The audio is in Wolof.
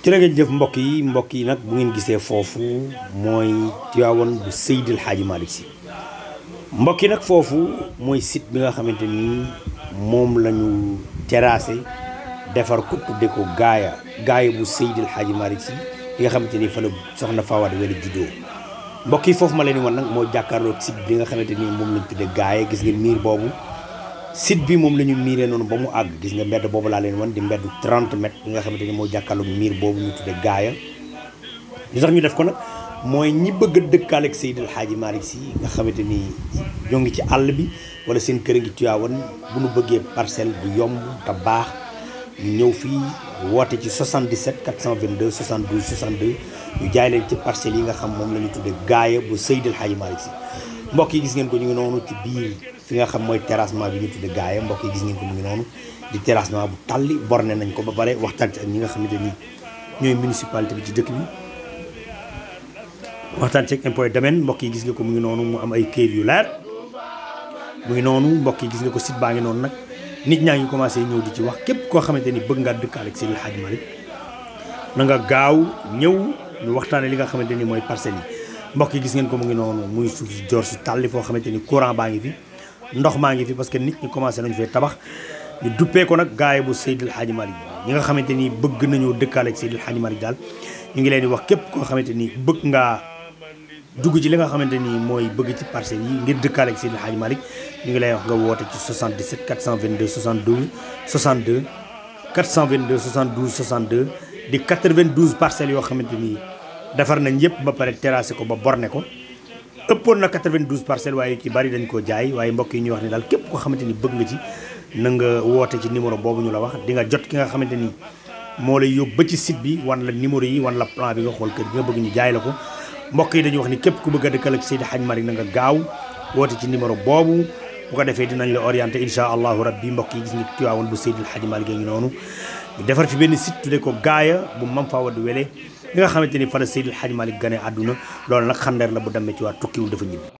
jërë ngeen jëf mbokk yi mbokk yi nag bu ngeen gisee foofu mooy Tiwaawan bu Seydil Hadji Malick Sy mbokk yi nag foofu mooy sit bi nga xamante ni moom la ñu terrassé defar ko tudde ko gaaya gaaya bu Seydil Hadji Malick Sy bi nga xamante ni fa la soxna Fawade Wele juddoo mbokk yi foofu ma leen di wan nag moo jàkkaarloo sit bi nga xamante ni moom lañ tudde gaaya gis ngeen miir boobu site bi moom la ñu miiree noonu ba mu àgg gis nga mbedd boobu laa leen wan di mbedd 30 mètres bi nga xamante ni moo jàkkaarloog miir boobu ñu tudde gaaya li tax ñu def ko nag mooy ñi bëgg a dëkkaale ak Seydil Hadji Malick Sy nga xamante ni ñoo ngi ci àll bi wala seen kër a ngi Tiwaawan bu ñu bëggee parcelle bu yomb te baax ñu ñëw fii woote ci 77 422 72 62 ñu jaay leen ci parcelles yi nga xam moom la ñu tudde gaaya bu Seydil Hadji Malick Sy mbokk yi gis ngeen ko ñu ngi noonu ci biir fi nga xam mooy terrassement bi ñu tuddee gaaya mbokk yi gis ngeen ko mu ngi noonu di terrassement bu tàlli borne nañ ko ba pare waxtaan ci ak ñi nga xamante ni ñooy municipalité bi ci dëkk bi. waxtaan ci ak impôt domaine mbokk yi gis nga ko mu noonu mu am ay kayit yu leer mu ngi noonu mbokk yi gis nga ko site baa ngi noonu nag nit ñaa ngi commencé ñëw di ci wax képp koo xamante ni bëgg ngaa dëkk Alex Seydil Hadji Malick na nga gaaw ñëw ñu waxtaanee li nga xamante ni mooy parcelles yi mbokk yi gis ngeen ko mu ngi noonu muy suuf si joor si tàlli foo xamante ni courant baa ngi fi. ndox maa ngi fi parce que nit ñi commencé nañu fee tabax ñu duppee ko nag gaay bu Seydil Hadji Malick ñi nga xamante ni bëgg nañoo dëkkaale ak Seydil Hadji Malick daal ñu ngi leen di wax képp koo xamante ni bëgg ngaa dugg ci li nga xamante nii mooy bëgg ci parcelles yi ngir dëkkaale ak Seydil Hadji Malick ñu ngi lay wax nga woote ci 77 422 72 62 422 72 62 di 92 parcelles yoo xamante nii defar nañ yëpp ba pare terrassé ko ba borné ko ëppoon na 92 parcelles waaye ci bari dañ koo jaay waaye mbokk yi ñuy wax ne daal képp ko xamante ni bëgg nga ci na woote ci numéro boobu ñu la wax di nga jot ki nga xamante ni moo lay yóbbu ba ci site bi wan la numéro yi wan la plan bi nga xool kër bi nga bëgg ñu jaay la ko mbokk yi dañuy wax ni képp ku bëgg a dëkkal ak Seydi Hadj Malick na nga gaaw woote ci numéro boobu bu ko defee dinañ la orienté incha allahu rabbi mbokk yi gis nga Tiwaawan bu Seydil Hadji Malick ngi noonu defar fi benn site tudde ko gaaya bu mam faa wadu wele li nga xamante ni fa la Seydil Hadji Malick gane àdduna loolu nag xandeer la bu demee ci waa tukkiwul dafa ñibbi